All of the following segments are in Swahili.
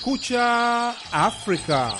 Escucha África.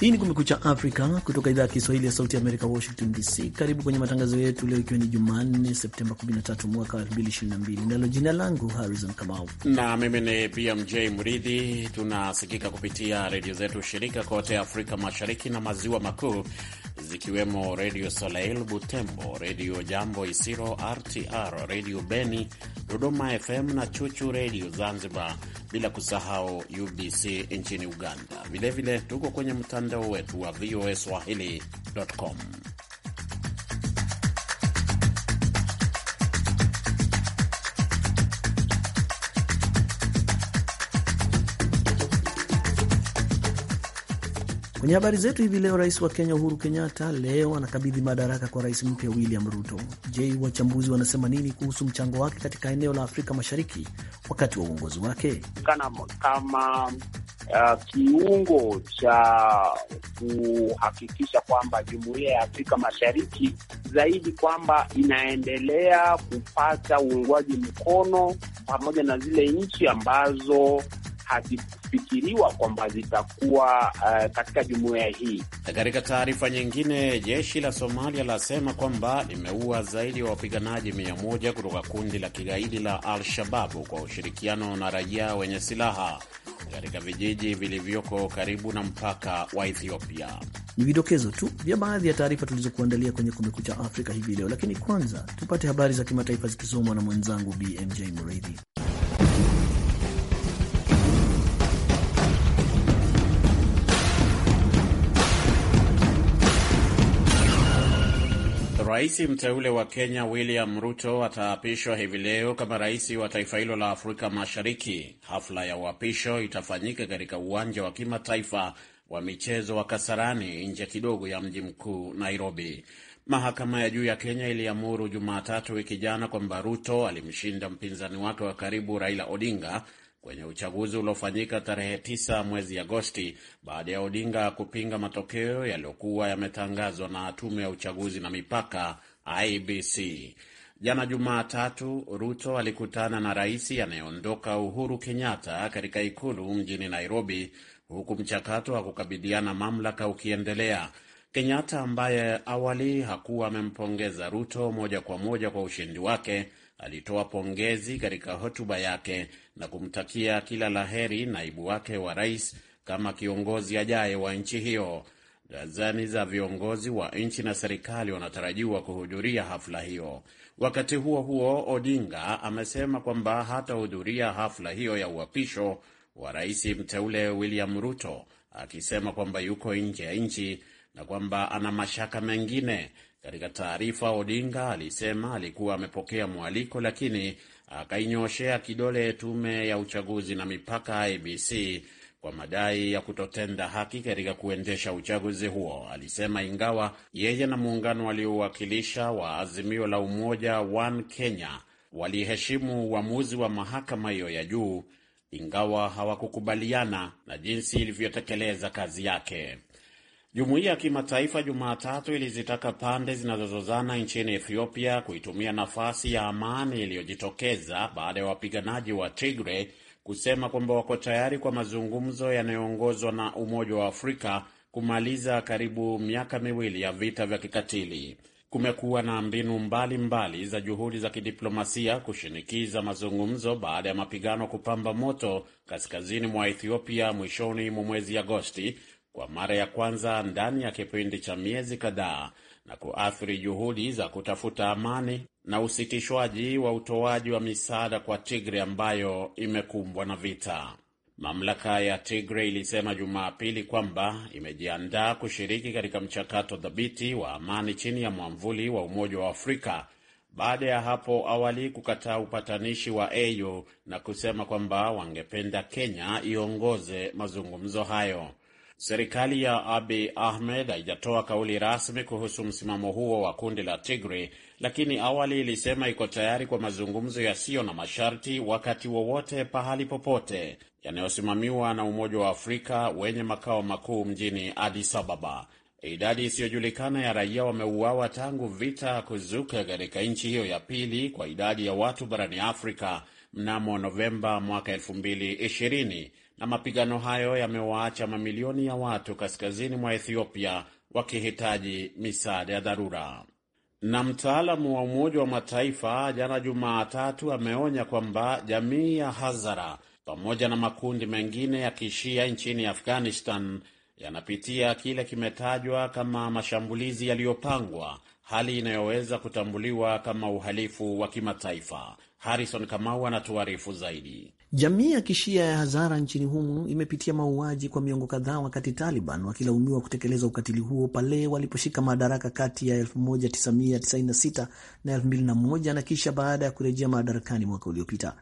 Hii ni Kumekucha Afrika kutoka idhaa ya Kiswahili ya Sauti ya Amerika, Washington DC. Karibu kwenye matangazo yetu leo, ikiwa ni Jumanne Septemba 13 mwaka wa 2022, nalo jina langu Harrison Kamau na mimi ni BMJ Mridhi. Tunasikika kupitia redio zetu shirika kote Afrika Mashariki na Maziwa Makuu, zikiwemo Redio Soleil Butembo, Redio Jambo Isiro, RTR, Redio Beni, Dodoma FM na Chuchu Redio Zanzibar, bila kusahau UBC nchini Uganda. Vilevile tuko kwenye mtandao wetu wa VOA Swahili.com. Kwenye habari zetu hivi leo, rais wa Kenya Uhuru Kenyatta leo anakabidhi madaraka kwa rais mpya William Ruto. Je, wachambuzi wanasema nini kuhusu mchango wake katika eneo la Afrika Mashariki wakati wa uongozi wake kama, kama Uh, kiungo cha kuhakikisha kwamba jumuiya ya Afrika Mashariki zaidi kwamba inaendelea kupata uungwaji mkono pamoja na zile nchi ambazo hazifikiriwa kwamba zitakuwa uh, katika jumuiya hii. Katika taarifa nyingine, jeshi la Somalia lasema kwamba limeua zaidi ya wa wapiganaji mia moja kutoka kundi la kigaidi la Al-Shababu kwa ushirikiano na raia wenye silaha katika vijiji vilivyoko karibu na mpaka wa Ethiopia. Ni vidokezo tu vya baadhi ya taarifa tulizokuandalia kwenye Kumekucha Afrika hivi leo, lakini kwanza tupate habari za kimataifa zikisomwa na mwenzangu BMJ Muridi. Rais mteule wa Kenya William Ruto ataapishwa hivi leo kama rais wa taifa hilo la Afrika Mashariki. Hafla ya uapisho itafanyika katika uwanja wa kimataifa wa michezo wa Kasarani nje kidogo ya mji mkuu Nairobi. Mahakama ya juu ya Kenya iliamuru Jumatatu wiki jana kwamba Ruto alimshinda mpinzani wake wa karibu Raila Odinga kwenye uchaguzi uliofanyika tarehe 9 mwezi Agosti baada ya Odinga kupinga matokeo yaliyokuwa yametangazwa na tume ya uchaguzi na mipaka IBC. Jana Jumatatu, Ruto alikutana na rais anayeondoka Uhuru Kenyatta katika ikulu mjini Nairobi, huku mchakato wa kukabidhiana mamlaka ukiendelea. Kenyatta ambaye awali hakuwa amempongeza Ruto moja kwa moja kwa ushindi wake alitoa pongezi katika hotuba yake na kumtakia kila laheri naibu wake wa rais kama kiongozi ajaye wa nchi hiyo. Dazani za viongozi wa nchi na serikali wanatarajiwa kuhudhuria hafla hiyo. Wakati huo huo, Odinga amesema kwamba hatahudhuria hafla hiyo ya uapisho wa rais mteule William Ruto, akisema kwamba yuko nje ya nchi na kwamba ana mashaka mengine katika taarifa, Odinga alisema alikuwa amepokea mwaliko, lakini akainyoshea kidole tume ya uchaguzi na mipaka IBC kwa madai ya kutotenda haki katika kuendesha uchaguzi huo. Alisema ingawa yeye na muungano waliowakilisha wa Azimio la Umoja One Kenya waliheshimu uamuzi wa mahakama hiyo ya juu, ingawa hawakukubaliana na jinsi ilivyotekeleza kazi yake. Jumuiya ya kimataifa Jumatatu ilizitaka pande zinazozozana nchini Ethiopia kuitumia nafasi ya amani iliyojitokeza baada ya wapiganaji wa Tigre kusema kwamba wako tayari kwa mazungumzo yanayoongozwa na Umoja wa Afrika kumaliza karibu miaka miwili ya vita vya kikatili. Kumekuwa na mbinu mbalimbali mbali za juhudi za kidiplomasia kushinikiza mazungumzo baada ya mapigano kupamba moto kaskazini mwa Ethiopia mwishoni mwa mwezi Agosti, kwa mara ya kwanza ndani ya kipindi cha miezi kadhaa na kuathiri juhudi za kutafuta amani na usitishwaji wa utoaji wa misaada kwa Tigre ambayo imekumbwa na vita. Mamlaka ya Tigre ilisema Jumapili kwamba imejiandaa kushiriki katika mchakato dhabiti wa amani chini ya mwamvuli wa Umoja wa Afrika baada ya hapo awali kukataa upatanishi wa AU na kusema kwamba wangependa Kenya iongoze mazungumzo hayo. Serikali ya Abi Ahmed haijatoa kauli rasmi kuhusu msimamo huo wa kundi la Tigray, lakini awali ilisema iko tayari kwa mazungumzo yasiyo na masharti wakati wowote, pahali popote, yanayosimamiwa na Umoja wa Afrika wenye makao makuu mjini Addis Ababa. Idadi isiyojulikana ya raia wameuawa tangu vita kuzuka katika nchi hiyo ya pili kwa idadi ya watu barani Afrika mnamo Novemba mwaka 2020 na mapigano hayo yamewaacha mamilioni ya watu kaskazini mwa Ethiopia wakihitaji misaada ya dharura. Na mtaalamu wa Umoja wa Mataifa jana Jumatatu ameonya kwamba jamii ya Hazara pamoja na makundi mengine ya kishia nchini Afghanistan yanapitia kile kimetajwa kama mashambulizi yaliyopangwa, hali inayoweza kutambuliwa kama uhalifu wa kimataifa. Harrison Kamau anatuarifu zaidi. Jamii ya kishia ya Hazara nchini humo imepitia mauaji kwa miongo kadhaa, wakati Taliban wakilaumiwa kutekeleza ukatili huo pale waliposhika madaraka kati ya 1996 na 2001 na kisha baada ya kurejea madarakani mwaka uliopita.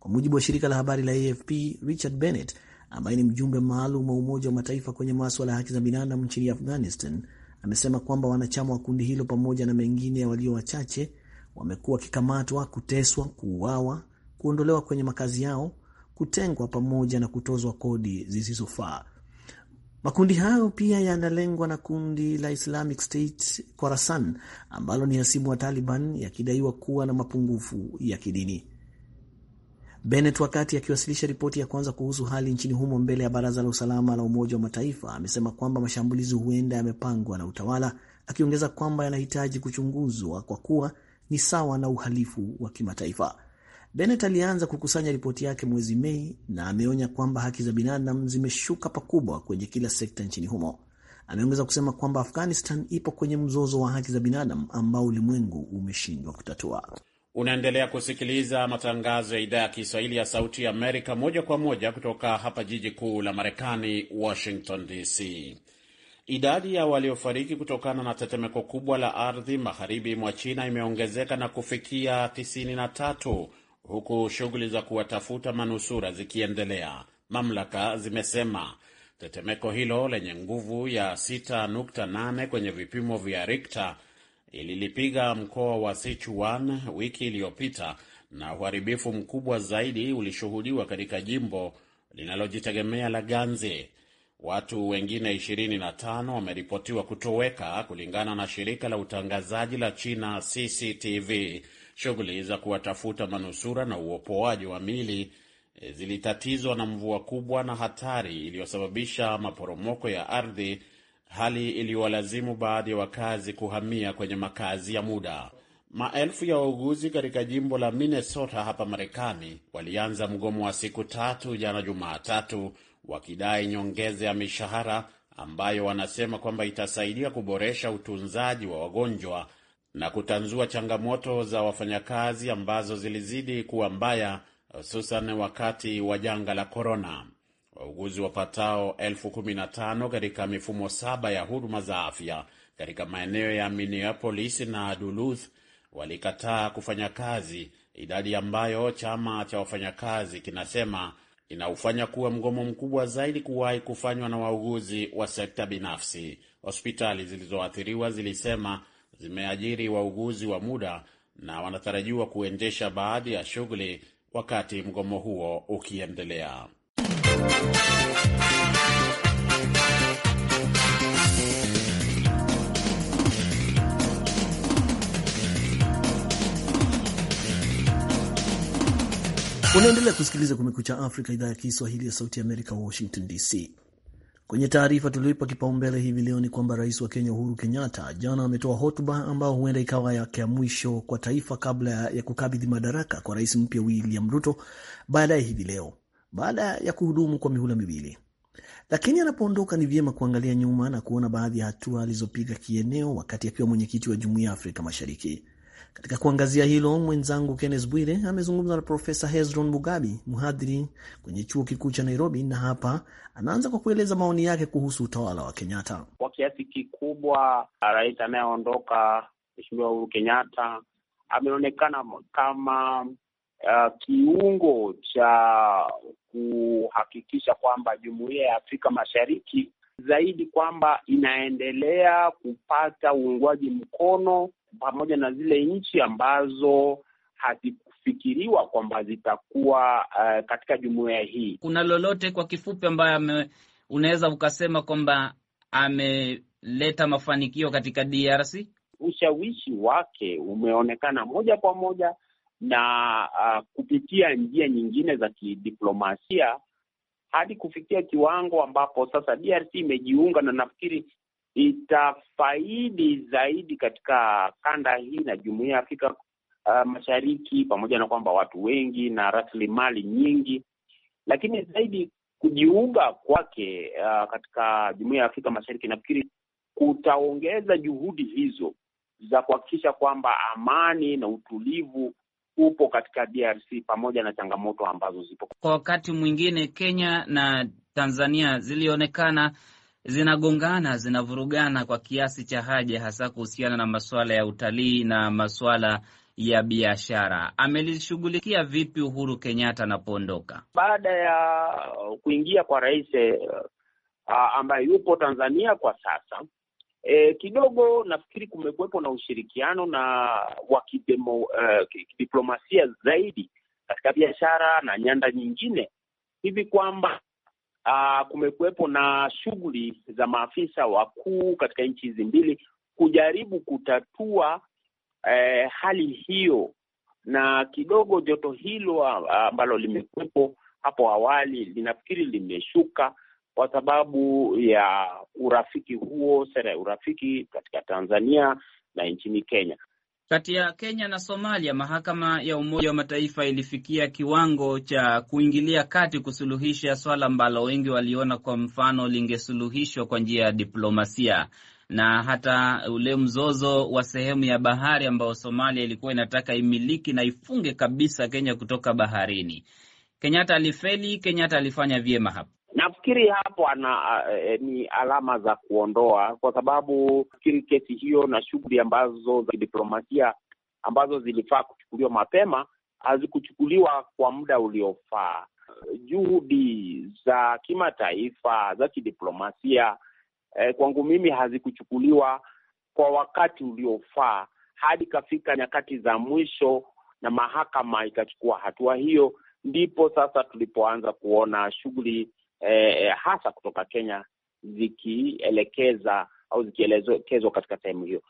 Kwa mujibu wa shirika la habari la AFP, Richard Bennett ambaye ni mjumbe maalum wa Umoja wa Mataifa kwenye maswala ya haki za binadamu nchini Afghanistan amesema kwamba wanachama wa kundi hilo pamoja na mengine walio wachache wamekuwa wakikamatwa, kuteswa, kuuawa kuondolewa kwenye makazi yao, kutengwa pamoja na kutozwa kodi zisizofaa. Makundi hayo pia yanalengwa na kundi la Islamic State Khorasan ambalo ni hasimu wa Taliban, yakidaiwa kuwa na mapungufu ya kidini. Bennett wakati akiwasilisha ripoti ya kwanza kuhusu hali nchini humo mbele ya Baraza la Usalama la Umoja wa Mataifa amesema kwamba mashambulizi huenda yamepangwa na utawala, akiongeza kwamba yanahitaji kuchunguzwa kwa kuwa ni sawa na uhalifu wa kimataifa. Bennett alianza kukusanya ripoti yake mwezi Mei na ameonya kwamba haki za binadamu zimeshuka pakubwa kwenye kila sekta nchini humo. Ameongeza kusema kwamba Afghanistan ipo kwenye mzozo wa haki za binadamu ambao ulimwengu umeshindwa kutatua. Unaendelea kusikiliza matangazo ya idhaa ya Kiswahili ya Sauti ya Amerika moja kwa moja kutoka hapa jiji kuu la Marekani, Washington DC. Idadi ya waliofariki kutokana na tetemeko kubwa la ardhi magharibi mwa China imeongezeka na kufikia 93 huku shughuli za kuwatafuta manusura zikiendelea. Mamlaka zimesema tetemeko hilo lenye nguvu ya 6.8 kwenye vipimo vya Richter ililipiga mkoa wa Sichuan wiki iliyopita na uharibifu mkubwa zaidi ulishuhudiwa katika jimbo linalojitegemea la ganzi Watu wengine 25 wameripotiwa kutoweka kulingana na shirika la utangazaji la China CCTV Shughuli za kuwatafuta manusura na uopoaji wa mili eh, zilitatizwa na mvua kubwa na hatari iliyosababisha maporomoko ya ardhi, hali iliyowalazimu baadhi ya wakazi kuhamia kwenye makazi ya muda. Maelfu ya wauguzi katika jimbo la Minnesota hapa Marekani walianza mgomo wa siku tatu jana Jumatatu, wakidai nyongeza ya mishahara ambayo wanasema kwamba itasaidia kuboresha utunzaji wa wagonjwa na kutanzua changamoto za wafanyakazi ambazo zilizidi kuwa mbaya, hususan wakati wa janga la korona. Wauguzi wapatao elfu kumi na tano katika mifumo saba ya huduma za afya katika maeneo ya Minneapolis na Duluth walikataa kufanya kazi, idadi ambayo chama cha wafanyakazi kinasema inaufanya kuwa mgomo mkubwa zaidi kuwahi kufanywa na wauguzi wa sekta binafsi. Hospitali zilizoathiriwa zilisema zimeajiri wauguzi wa muda na wanatarajiwa kuendesha baadhi ya shughuli wakati mgomo huo ukiendelea. Unaendelea kusikiliza Kumekucha Afrika, idhaa ya Kiswahili ya Sauti ya Amerika, Washington DC. Kwenye taarifa tulioipa kipaumbele hivi leo ni kwamba rais wa Kenya Uhuru Kenyatta jana ametoa hotuba ambayo huenda ikawa yake ya mwisho kwa taifa kabla ya kukabidhi madaraka kwa rais mpya William Ruto baadaye hivi leo baada ya kuhudumu kwa mihula miwili. Lakini anapoondoka ni vyema kuangalia nyuma na kuona baadhi ya hatua alizopiga kieneo wakati akiwa mwenyekiti wa Jumuiya ya Afrika Mashariki. Katika kuangazia hilo, mwenzangu Kenneth Bwire amezungumza na Profesa Hezron Mugabi, mhadhiri kwenye chuo kikuu cha Nairobi, na hapa anaanza kwa kueleza maoni yake kuhusu utawala wa Kenyatta. Kwa kiasi kikubwa, uh, rais anayeondoka Mheshimiwa Uhuru Kenyatta ameonekana kama uh, kiungo cha kuhakikisha kwamba jumuiya ya Afrika Mashariki zaidi kwamba inaendelea kupata uungwaji mkono pamoja na zile nchi ambazo hazikufikiriwa kwamba zitakuwa uh, katika jumuiya hii. Kuna lolote kwa kifupi ambayo unaweza ukasema kwamba ameleta mafanikio katika DRC? Ushawishi wake umeonekana moja kwa moja na uh, kupitia njia nyingine za kidiplomasia hadi kufikia kiwango ambapo sasa DRC imejiunga, na nafikiri itafaidi zaidi katika kanda hii na jumuia ya Afrika uh, Mashariki, pamoja na kwamba watu wengi na rasilimali nyingi, lakini zaidi kujiunga kwake uh, katika jumuia ya Afrika Mashariki nafikiri kutaongeza juhudi hizo za kuhakikisha kwamba amani na utulivu upo katika DRC pamoja na changamoto ambazo zipo. Kwa wakati mwingine Kenya na Tanzania zilionekana zinagongana, zinavurugana kwa kiasi cha haja, hasa kuhusiana na masuala ya utalii na masuala ya biashara. Amelishughulikia vipi Uhuru Kenyatta anapoondoka baada ya kuingia kwa rais eh, ah, ambaye yupo Tanzania kwa sasa? E, kidogo nafikiri kumekuwepo na ushirikiano na wa eh, kidiplomasia uh, zaidi katika biashara na nyanda nyingine hivi kwamba uh, kumekuwepo na shughuli za maafisa wakuu katika nchi hizi mbili kujaribu kutatua eh, hali hiyo, na kidogo joto hilo ambalo limekuwepo hapo awali linafikiri limeshuka kwa sababu ya urafiki huo, sera ya urafiki katika Tanzania na nchini Kenya kati ya Kenya na Somalia, mahakama ya Umoja wa Mataifa ilifikia kiwango cha kuingilia kati kusuluhisha swala ambalo wengi waliona kwa mfano lingesuluhishwa kwa njia ya diplomasia na hata ule mzozo wa sehemu ya bahari ambayo Somalia ilikuwa inataka imiliki na ifunge kabisa Kenya kutoka baharini. Kenyatta alifeli, Kenyatta alifanya vyema hapa. Nafikiri hapo ana e, ni alama za kuondoa, kwa sababu nafikiri kesi hiyo na shughuli ambazo za kidiplomasia ambazo zilifaa kuchukuliwa mapema hazikuchukuliwa kwa muda uliofaa. Juhudi za kimataifa za kidiplomasia e, kwangu mimi hazikuchukuliwa kwa wakati uliofaa, hadi ikafika nyakati za mwisho na mahakama ikachukua hatua hiyo, ndipo sasa tulipoanza kuona shughuli Eh, eh, hasa kutoka Kenya zikielekeza au zikielekezwa katika sehemu hiyo.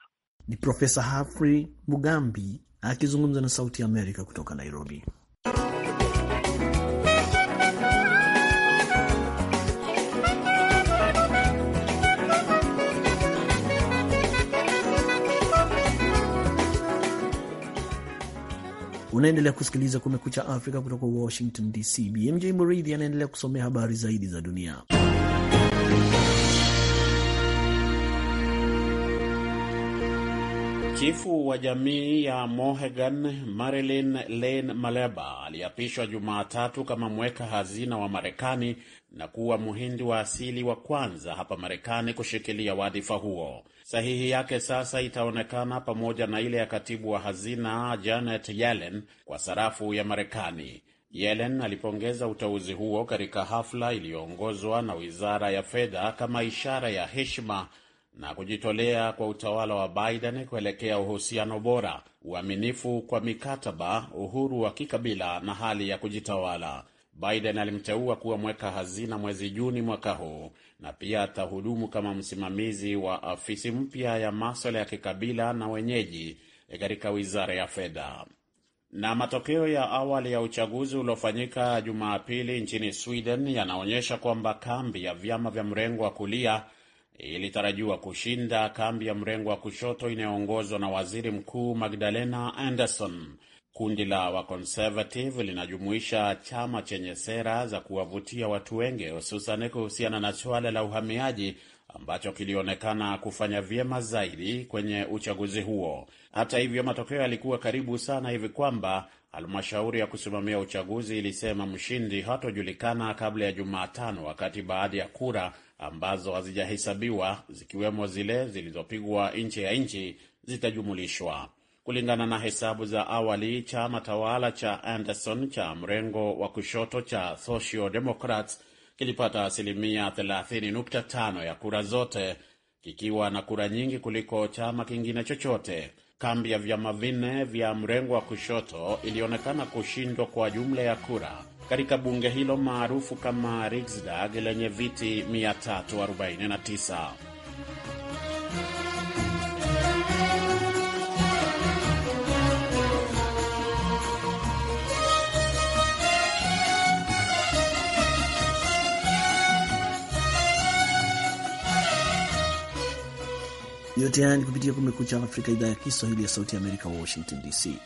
Ni Profesa Humphrey Mugambi akizungumza na Sauti ya Amerika kutoka Nairobi. Unaendelea kusikiliza Kumekucha Afrika kutoka Washington DC. BMJ Muridhi anaendelea kusomea habari zaidi za dunia. Chifu wa jamii ya Mohegan Marilyn Lane Maleba aliapishwa Jumatatu kama mweka hazina wa Marekani na kuwa muhindi wa asili wa kwanza hapa Marekani kushikilia wadhifa huo. Sahihi yake sasa itaonekana pamoja na ile ya katibu wa hazina Janet Yellen kwa sarafu ya Marekani. Yellen alipongeza uteuzi huo katika hafla iliyoongozwa na wizara ya fedha kama ishara ya heshima na kujitolea kwa utawala wa Biden kuelekea uhusiano bora, uaminifu kwa mikataba, uhuru wa kikabila na hali ya kujitawala. Biden alimteua kuwa mweka hazina mwezi Juni mwaka huu na pia atahudumu kama msimamizi wa afisi mpya ya maswala ya kikabila na wenyeji eh, katika wizara ya fedha. Na matokeo ya awali ya uchaguzi uliofanyika Jumapili nchini Sweden yanaonyesha kwamba kambi ya vyama vya mrengo wa kulia ilitarajiwa kushinda kambi ya mrengo wa kushoto inayoongozwa na waziri mkuu Magdalena Anderson. Kundi la waconservative linajumuisha chama chenye sera za kuwavutia watu wengi, hususan kuhusiana na suala la uhamiaji ambacho kilionekana kufanya vyema zaidi kwenye uchaguzi huo. Hata hivyo, matokeo yalikuwa karibu sana hivi kwamba halmashauri ya kusimamia uchaguzi ilisema mshindi hatojulikana kabla ya Jumatano, wakati baadhi ya kura ambazo hazijahesabiwa zikiwemo zile zilizopigwa nje ya nchi zitajumulishwa. Kulingana na hesabu za awali, chama tawala cha Anderson cha mrengo wa kushoto cha Social Democrats kilipata asilimia 30.5 ya kura zote kikiwa na kura nyingi kuliko chama kingine chochote. Kambi ya vyama vinne vya mrengo wa kushoto ilionekana kushindwa kwa jumla ya kura katika bunge hilo maarufu kama Riksdag lenye viti 349. Yote haya ni kupitia Kumekucha Afrika, idhaa ya Kiswahili ya Sauti ya Amerika, Washington DC.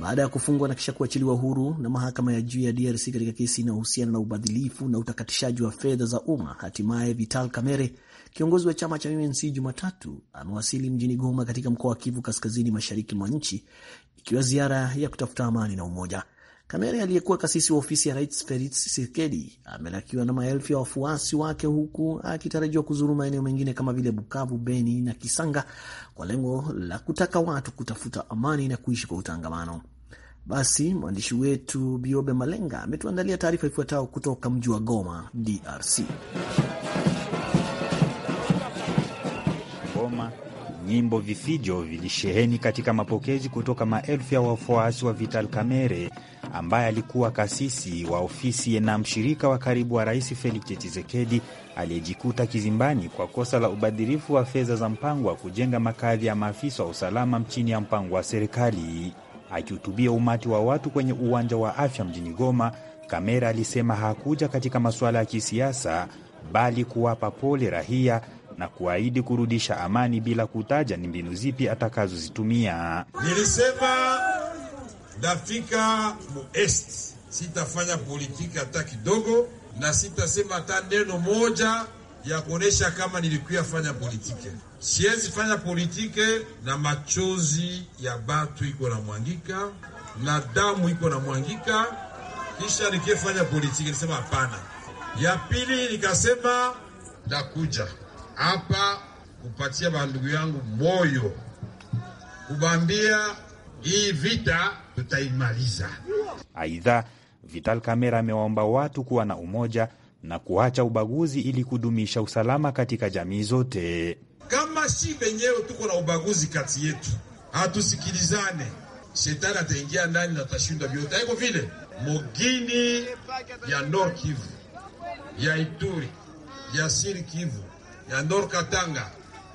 Baada ya kufungwa na kisha kuachiliwa huru na mahakama ya juu ya DRC katika kesi inayohusiana na ubadhilifu na utakatishaji wa fedha za umma, hatimaye Vital Kamerhe, kiongozi wa chama cha UNC, Jumatatu amewasili mjini Goma katika mkoa wa Kivu Kaskazini, mashariki mwa nchi, ikiwa ziara ya kutafuta amani na umoja. Kamere aliyekuwa kasisi wa ofisi ya rais Ferit Tshisekedi amelakiwa na maelfu ya wafuasi wake huku akitarajiwa kuzuru maeneo mengine kama vile Bukavu, Beni na Kisanga kwa lengo la kutaka watu kutafuta amani na kuishi kwa utangamano. Basi mwandishi wetu Biobe Malenga ametuandalia taarifa ifuatayo kutoka mji wa Goma, DRC. Goma, nyimbo vifijo vilisheheni katika mapokezi kutoka maelfu ya wafuasi wa Vital Kamerhe ambaye alikuwa kasisi wa ofisi na mshirika wa karibu wa Rais Felix chisekedi aliyejikuta kizimbani kwa kosa la ubadhirifu wa fedha za mpango wa kujenga makazi ya maafisa wa usalama chini ya mpango wa serikali. Akihutubia umati wa watu kwenye uwanja wa afya mjini Goma, Kamera alisema hakuja katika masuala ya kisiasa, bali kuwapa pole rahia na kuahidi kurudisha amani bila kutaja ni mbinu zipi atakazozitumia. Nilisema ndafika muest, sitafanya politiki hata kidogo, na sitasema hata neno moja ya kuonesha kama nilikuya fanya politike. Siwezi fanya politike na machozi ya batu iko na mwangika na damu iko na mwangika, kisha nikiefanya politike nisema hapana. Ya pili nikasema ndakuja hapa kupatia bandugu yangu moyo kubambia hii vita tutaimaliza. Aidha, Vital Kamera amewaomba watu kuwa na umoja na kuacha ubaguzi ili kudumisha usalama katika jamii zote. Kama si venyewe tuko na ubaguzi kati yetu, hatusikilizane, shetani ataingia ndani na tashinda vyote. Aiko vile mugini ya nor Kivu, ya Ituri, ya Sud Kivu, ya Nor Katanga,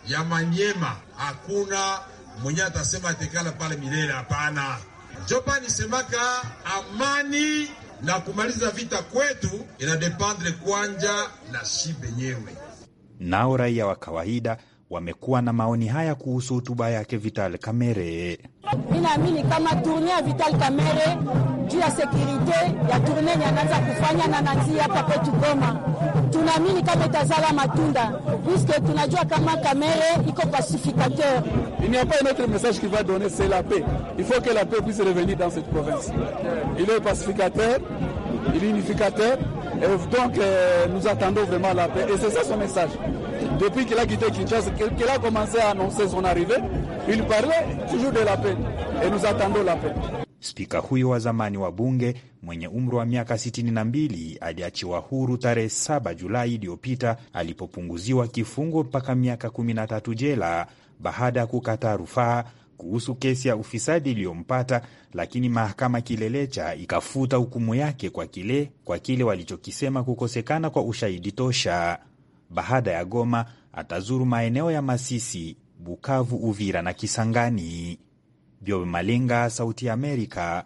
ya Manyema hakuna mwenye atasema atekala pale milele. Hapana, Jopa nisemaka amani na kumaliza vita kwetu inadependre kwanja na shibe nyewe Nao raia wa kawaida wamekuwa na maoni haya kuhusu hotuba yake Vital Kamerhe. Mi naamini kama turne ya Vital Kamerhe juu ya sekurite ya turne yenye kufanya na nanzia hapa kwetu Goma tunaamini kama itazala matunda puisque tunajua kama kamere iko pacificateur. Il n'y a pas un autre message qu'il va donner, c'est la paix. Il faut que la paix puisse revenir dans cette province. Il est pacificateur, il est unificateur, et donc euh, nous attendons vraiment la paix. Et c'est ça son message. Depuis qu'il a quitté Kinshasa, qu'il a commencé à annoncer son arrivée, il parlait toujours de la paix, et nous attendons la paix. Spika huyo wa zamani wa bunge mwenye umri wa miaka 62 aliachiwa huru tarehe 7 Julai iliyopita alipopunguziwa kifungo mpaka miaka 13 jela baada ya kukataa rufaa kuhusu kesi ya ufisadi iliyompata, lakini mahakama kilelecha ikafuta hukumu yake kwa kile kwa kile walichokisema kukosekana kwa ushahidi tosha. Baada ya Goma atazuru maeneo ya Masisi, Bukavu, Uvira na Kisangani. Byobe Sauti ya Amerika,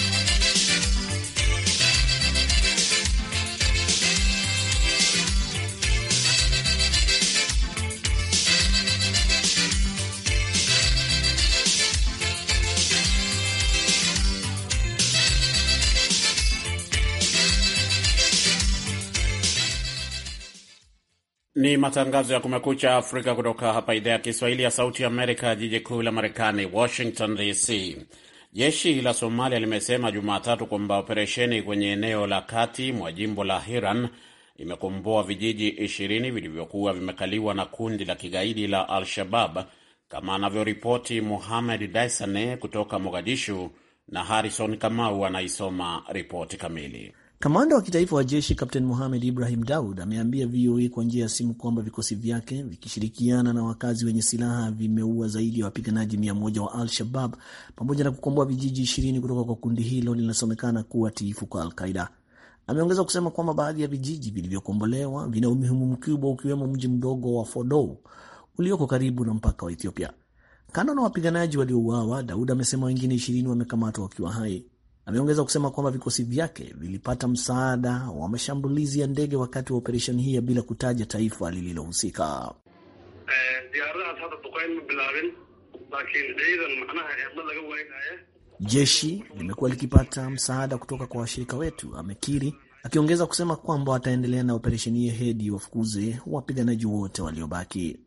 Ni matangazo ya Kumekucha Afrika kutoka hapa idhaa ya Kiswahili ya Sauti ya Amerika, jiji kuu la Marekani, Washington DC. Jeshi la Somalia limesema Jumatatu kwamba operesheni kwenye eneo la kati mwa jimbo la Hiran imekomboa vijiji 20 vilivyokuwa vimekaliwa na kundi la kigaidi la Al-Shabab, kama anavyoripoti muhamed Daisane kutoka Mogadishu, na harison Kamau anaisoma ripoti kamili. Kamanda wa kitaifa wa jeshi Kapten Muhamed Ibrahim Daud ameambia VOA kwa njia ya simu kwamba vikosi vyake vikishirikiana na wakazi wenye silaha vimeua zaidi ya wapiganaji mia moja wa Al-Shabab pamoja na kukomboa vijiji ishirini kutoka kwa kundi hilo linasomekana kuwa tiifu kwa Al-Qaida. Ameongeza kusema kwamba baadhi ya vijiji vilivyokombolewa vina umuhimu mkubwa, ukiwemo mji mdogo wa Fodou ulioko karibu na mpaka wa Ethiopia. Kando na wapiganaji waliouawa, Daud amesema wengine ishirini wamekamatwa wakiwa hai. Ameongeza kusema kwamba vikosi vyake vilipata msaada wa mashambulizi ya ndege wakati wa operesheni hiyo bila kutaja taifa lililohusika. Eh, Jeshi limekuwa likipata msaada kutoka kwa washirika wetu, amekiri, akiongeza kusema kwamba wataendelea na operesheni hiyo hedi wafukuze wapiganaji wote waliobaki.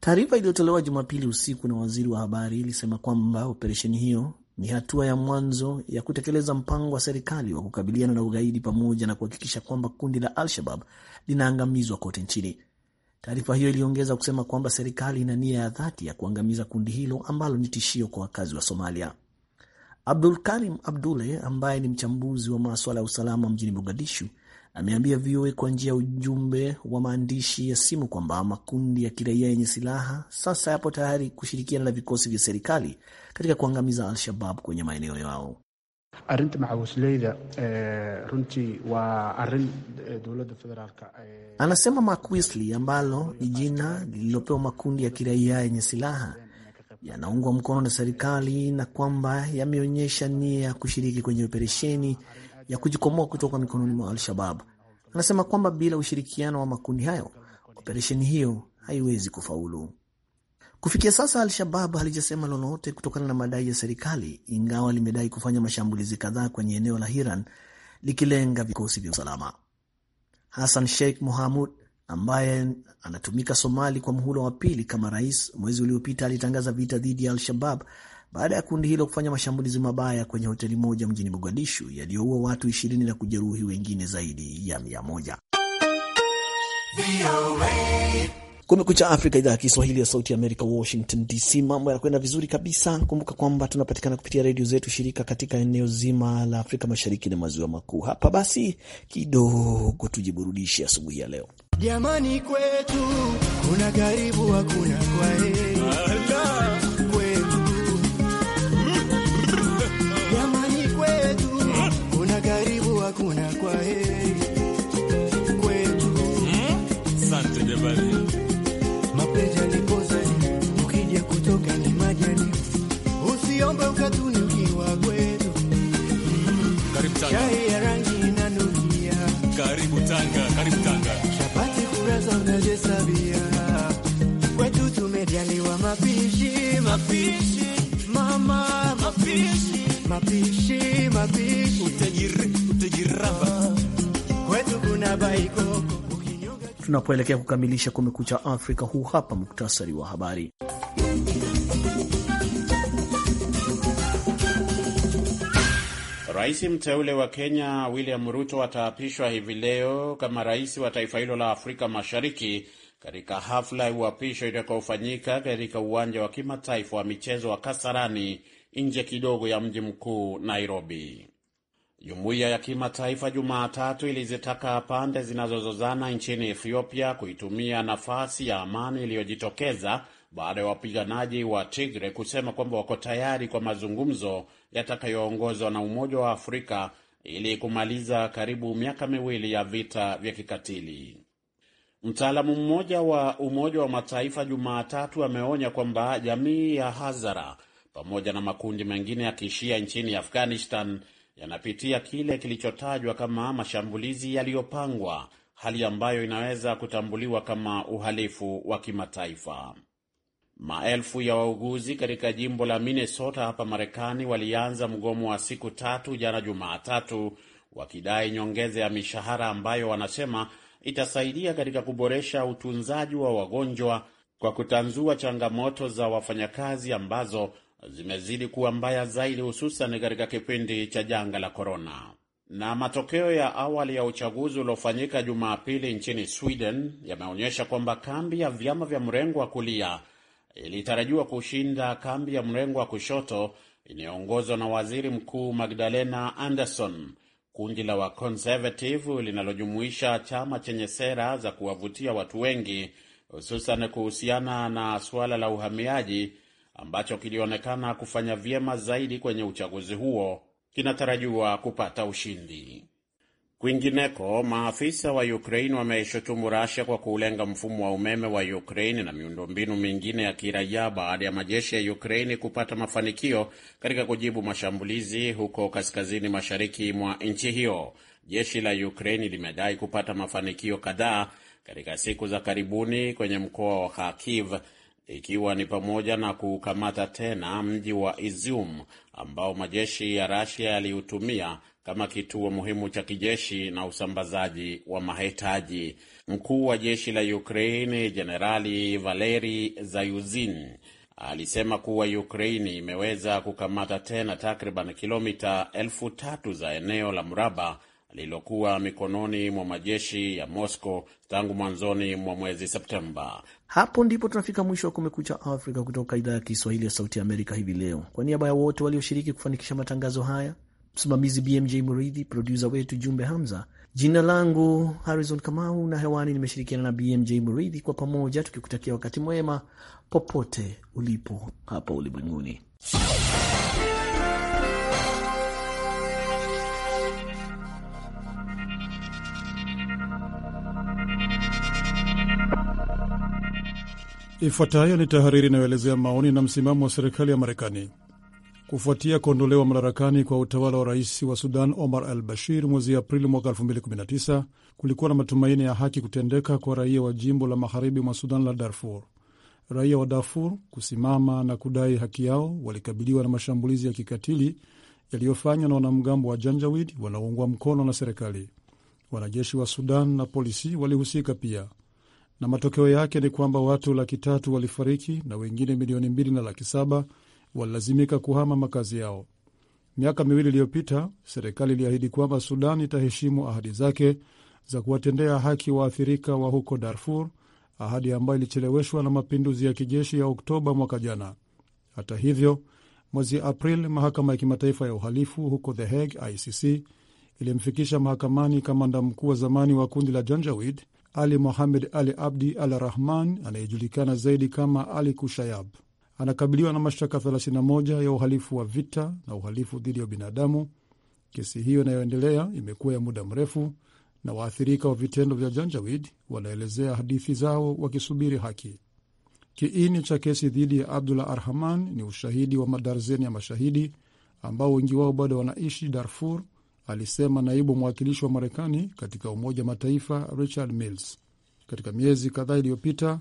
Taarifa iliyotolewa Jumapili usiku na waziri wa habari ilisema kwamba operesheni hiyo ni hatua ya mwanzo ya kutekeleza mpango wa serikali wa kukabiliana na ugaidi pamoja na kuhakikisha kwamba kundi la Al-Shabab linaangamizwa kote nchini. Taarifa hiyo iliongeza kusema kwamba serikali ina nia ya dhati ya kuangamiza kundi hilo ambalo ni tishio kwa wakazi wa Somalia. Abdul Karim Abdule ambaye ni mchambuzi wa maswala ya usalama mjini Mogadishu ameambia VOA kwa njia ya ujumbe wa maandishi ya simu kwamba makundi ya kiraia yenye silaha sasa yapo tayari kushirikiana na vikosi vya serikali katika kuangamiza Al-Shabab kwenye maeneo yao. Eh, eh, eh. Anasema Makwisli, ambalo ni jina lililopewa makundi ya kiraia yenye silaha, yanaungwa mkono na serikali na kwamba yameonyesha nia ya kushiriki kwenye operesheni ya kujikomboa kutoka mikononi mwa Al-Shabab. Anasema kwamba bila ushirikiano wa makundi hayo operesheni hiyo haiwezi kufaulu. Kufikia sasa, Al-Shabab halijasema lolote kutokana na madai ya serikali, ingawa limedai kufanya mashambulizi kadhaa kwenye eneo la Hiran likilenga vikosi vya usalama. Hassan Sheikh Mohamud ambaye anatumika Somali kwa muhula wa pili kama rais, mwezi uliopita alitangaza vita dhidi ya Al-Shabab baada ya kundi hilo kufanya mashambulizi mabaya kwenye hoteli moja mjini Mogadishu yaliyoua watu ishirini na kujeruhi wengine zaidi ya mia moja. Kumekucha Afrika, idhaa ya Kiswahili ya Sauti ya Amerika, Washington DC. Mambo yanakwenda vizuri kabisa. Kumbuka kwamba tunapatikana kupitia redio zetu shirika katika eneo zima la Afrika Mashariki na Maziwa Makuu. Hapa basi kidogo tujiburudishe asubuhi ya leo. Jamani, kwetu kuna karibu, hakuna kwaheri Nimejaliwa mapishi, mapishi, mama, mapishi, mapishi, mapishi. Utajiri, utajiraba. Kwetu kuna baiko. Tunapoelekea kukamilisha Kumekucha Afrika, huu hapa muktasari wa habari. Rais mteule wa Kenya William Ruto ataapishwa hivi leo kama rais wa taifa hilo la Afrika Mashariki katika hafla ya uapisho itakayofanyika katika uwanja wa kimataifa wa michezo wa Kasarani nje kidogo ya mji mkuu Nairobi. Jumuiya ya kimataifa Jumatatu ilizitaka pande zinazozozana nchini Ethiopia kuitumia nafasi ya amani iliyojitokeza baada ya wapiganaji wa Tigre kusema kwamba wako tayari kwa mazungumzo yatakayoongozwa na Umoja wa Afrika ili kumaliza karibu miaka miwili ya vita vya kikatili. Mtaalamu mmoja wa Umoja wa Mataifa Jumatatu ameonya kwamba jamii ya Hazara pamoja na makundi mengine ya kishia nchini Afghanistan yanapitia kile kilichotajwa kama mashambulizi yaliyopangwa, hali ambayo inaweza kutambuliwa kama uhalifu wa kimataifa. Maelfu ya wauguzi katika jimbo la Minnesota hapa Marekani walianza mgomo wa siku tatu jana Jumatatu, wakidai nyongeza ya mishahara ambayo wanasema itasaidia katika kuboresha utunzaji wa wagonjwa kwa kutanzua changamoto za wafanyakazi ambazo zimezidi kuwa mbaya zaidi, hususan katika kipindi cha janga la korona. Na matokeo ya awali ya uchaguzi uliofanyika Jumapili nchini Sweden yameonyesha kwamba kambi ya vyama vya mrengo wa kulia ilitarajiwa kushinda kambi ya mrengo wa kushoto inayoongozwa na waziri mkuu Magdalena Andersson Kundi la Wakonservative linalojumuisha chama chenye sera za kuwavutia watu wengi, hususan kuhusiana na suala la uhamiaji, ambacho kilionekana kufanya vyema zaidi kwenye uchaguzi huo, kinatarajiwa kupata ushindi. Kwingineko, maafisa wa Ukraine wameishutumu Rasia kwa kuulenga mfumo wa umeme wa Ukraine na miundombinu mingine ya kiraia baada ya majeshi ya Ukraine kupata mafanikio katika kujibu mashambulizi huko kaskazini mashariki mwa nchi hiyo. Jeshi la Ukraine limedai kupata mafanikio kadhaa katika siku za karibuni kwenye mkoa wa Kharkiv ikiwa ni pamoja na kuukamata tena mji wa Izium ambao majeshi ya rasia yaliutumia kama kituo muhimu cha kijeshi na usambazaji wa mahitaji. Mkuu wa jeshi la Ukraini Jenerali Valeri Zayuzin alisema kuwa Ukraini imeweza kukamata tena takriban kilomita elfu tatu za eneo la mraba lililokuwa mikononi mwa majeshi ya Moscow tangu mwanzoni mwa mwezi Septemba. Hapo ndipo tunafika mwisho wa Kumekucha Afrika kutoka idhaa ya Kiswahili ya Sauti ya Amerika hivi leo. Kwa niaba ya wote walioshiriki kufanikisha matangazo haya msimamizi BMJ Muridhi, produsa wetu Jumbe Hamza. Jina langu Harrison Kamau na hewani nimeshirikiana na BMJ Muridhi, kwa pamoja tukikutakia wakati mwema popote ulipo hapa ulimwenguni. Ifuatayo ni tahariri inayoelezea maoni na msimamo wa serikali ya Marekani kufuatia kuondolewa madarakani kwa utawala wa rais wa Sudan Omar al Bashir mwezi Aprili mwaka 2019, kulikuwa na matumaini ya haki kutendeka kwa raia wa jimbo la magharibi mwa Sudan la Darfur. Raia wa Darfur kusimama na kudai haki yao walikabiliwa na mashambulizi ya kikatili yaliyofanywa na wanamgambo wa Janjawid wanaoungwa mkono na serikali. Wanajeshi wa Sudan na polisi walihusika pia, na matokeo yake ni kwamba watu laki tatu walifariki na wengine milioni mbili na laki saba walilazimika kuhama makazi yao. Miaka miwili iliyopita, serikali iliahidi kwamba Sudan itaheshimu ahadi zake za kuwatendea haki waathirika wa huko Darfur, ahadi ambayo ilicheleweshwa na mapinduzi ya kijeshi ya Oktoba mwaka jana. Hata hivyo, mwezi Aprili, mahakama ya kimataifa ya uhalifu huko The Hague, ICC, ilimfikisha mahakamani kamanda mkuu wa zamani wa kundi la Janjawid, Ali Mohamed Ali Abdi Al Rahman, anayejulikana zaidi kama Ali Kushayab anakabiliwa na mashtaka 31 ya uhalifu wa vita na uhalifu dhidi ya binadamu. Kesi hiyo inayoendelea imekuwa ya muda mrefu, na waathirika wa vitendo vya Janjawid wanaelezea hadithi zao wakisubiri haki. Kiini cha kesi dhidi ya Abdullah Arhaman ni ushahidi wa madarzeni ya mashahidi ambao wengi wao bado wanaishi Darfur, alisema naibu mwakilishi wa Marekani katika Umoja Mataifa Richard Mills. Katika miezi kadhaa iliyopita,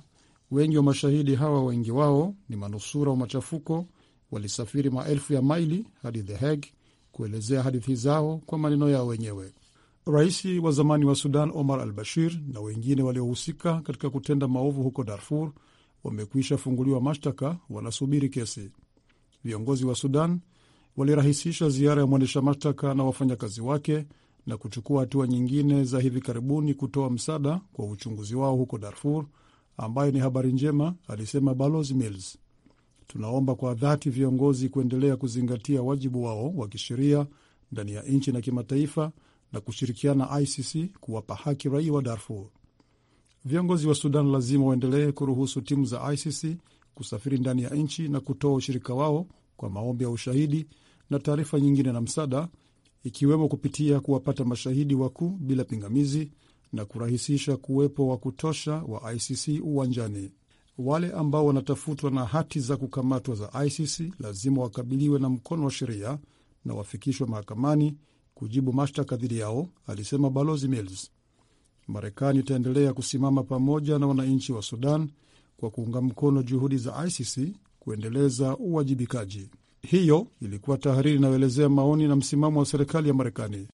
Wengi wa mashahidi hawa, wengi wao ni manusura wa machafuko, walisafiri maelfu ya maili hadi The Hague kuelezea hadithi zao kwa maneno yao wenyewe. Rais wa zamani wa Sudan Omar al Bashir na wengine waliohusika katika kutenda maovu huko Darfur wamekwisha funguliwa mashtaka, wanasubiri kesi. Viongozi wa Sudan walirahisisha ziara ya mwendesha mashtaka na wafanyakazi wake na kuchukua hatua nyingine za hivi karibuni kutoa msaada kwa uchunguzi wao huko Darfur ambayo ni habari njema, alisema Balozi Mills. Tunaomba kwa dhati viongozi kuendelea kuzingatia wajibu wao wa kisheria ndani ya nchi na kimataifa na kushirikiana ICC kuwapa haki raia wa Darfur. Viongozi wa Sudan lazima waendelee kuruhusu timu za ICC kusafiri ndani ya nchi na kutoa ushirika wao kwa maombi ya ushahidi na taarifa nyingine na msaada, ikiwemo kupitia kuwapata mashahidi wakuu bila pingamizi na kurahisisha kuwepo wa kutosha wa ICC uwanjani. Wale ambao wanatafutwa na hati za kukamatwa za ICC lazima wakabiliwe na mkono wa sheria na wafikishwe mahakamani kujibu mashtaka dhidi yao, alisema Balozi Mills. Marekani itaendelea kusimama pamoja na wananchi wa Sudan kwa kuunga mkono juhudi za ICC kuendeleza uwajibikaji. Hiyo ilikuwa tahariri inayoelezea maoni na msimamo wa serikali ya Marekani.